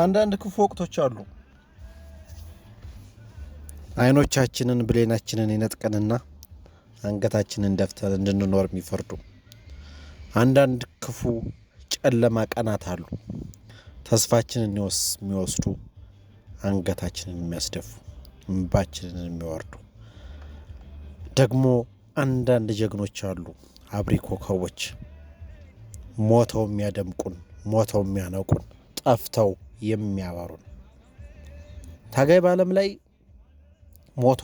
አንዳንድ ክፉ ወቅቶች አሉ። አይኖቻችንን ብሌናችንን ይነጥቀንና አንገታችንን ደፍተን እንድንኖር የሚፈርዱ አንዳንድ ክፉ ጨለማ ቀናት አሉ። ተስፋችንን የሚወስዱ አንገታችንን የሚያስደፉ እንባችንን የሚወርዱ ደግሞ አንዳንድ ጀግኖች አሉ። አብሪ ኮከቦች ሞተው የሚያደምቁን ሞተው የሚያነቁን ጠፍተው የሚያበሩን። ታጋይ በዓለም ላይ ሞቷ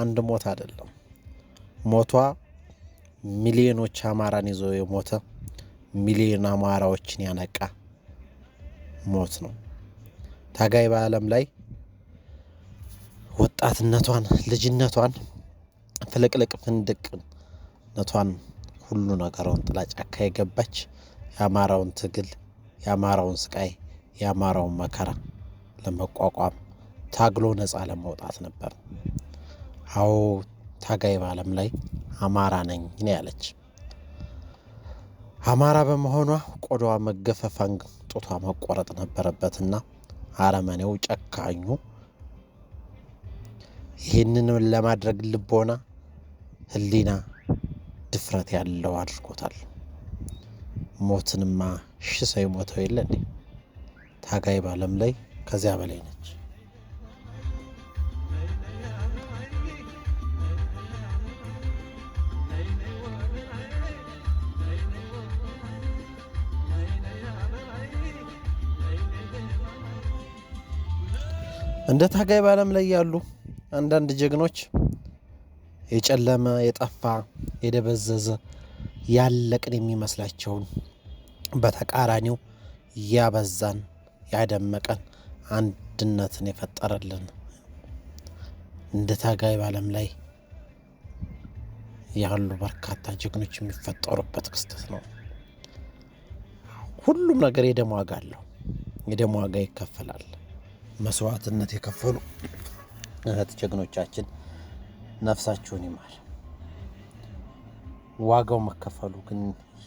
አንድ ሞት አይደለም። ሞቷ ሚሊዮኖች አማራን ይዞ የሞተ ሚሊዮን አማራዎችን ያነቃ ሞት ነው። ታጋይ በዓለም ላይ ወጣትነቷን፣ ልጅነቷን፣ ፍልቅልቅ ፍንድቅነቷን ሁሉ ነገረውን ጥላ ጫካ የገባች የአማራውን ትግል የአማራውን ስቃይ የአማራውን መከራ ለመቋቋም ታግሎ ነፃ ለመውጣት ነበር። አዎ ታጋይ በዓለም ላይ አማራ ነኝ ነው ያለች። አማራ በመሆኗ ቆዳዋ መገፈፋን፣ ጡቷ መቆረጥ ነበረበትና አረመኔው ጨካኙ ይህንን ለማድረግ ልቦና፣ ህሊና ድፍረት ያለው አድርጎታል። ሞትንማ ሺ ሞተው የለ ታጋይ በዓለም ላይ ከዚያ በላይ ነች። እንደ ታጋይ በዓለም ላይ ያሉ አንዳንድ ጀግኖች የጨለመ የጠፋ የደበዘዘ ያለቅን የሚመስላቸውን በተቃራኒው ያበዛን ያደመቀን አንድነትን የፈጠረልን እንደ ታጋይ በዓለም ላይ ያሉ በርካታ ጀግኖች የሚፈጠሩበት ክስተት ነው። ሁሉም ነገር የደም ዋጋ አለው። የደም ዋጋ ይከፈላል። መስዋዕትነት የከፈሉ እህት ጀግኖቻችን ነፍሳችሁን ይማር። ዋጋው መከፈሉ ግን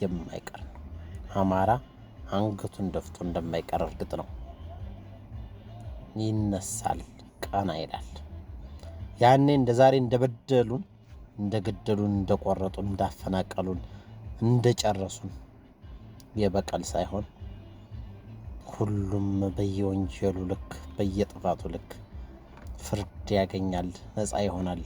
የማይቀር ነው። አማራ አንገቱን ደፍቶ እንደማይቀር እርግጥ ነው። ይነሳል፣ ቀና ይላል። ያኔ እንደ ዛሬ እንደበደሉን፣ እንደገደሉን፣ እንደቆረጡን፣ እንዳፈናቀሉን፣ እንደጨረሱን የበቀል ሳይሆን ሁሉም በየወንጀሉ ልክ በየጥፋቱ ልክ ፍርድ ያገኛል፣ ነፃ ይሆናል።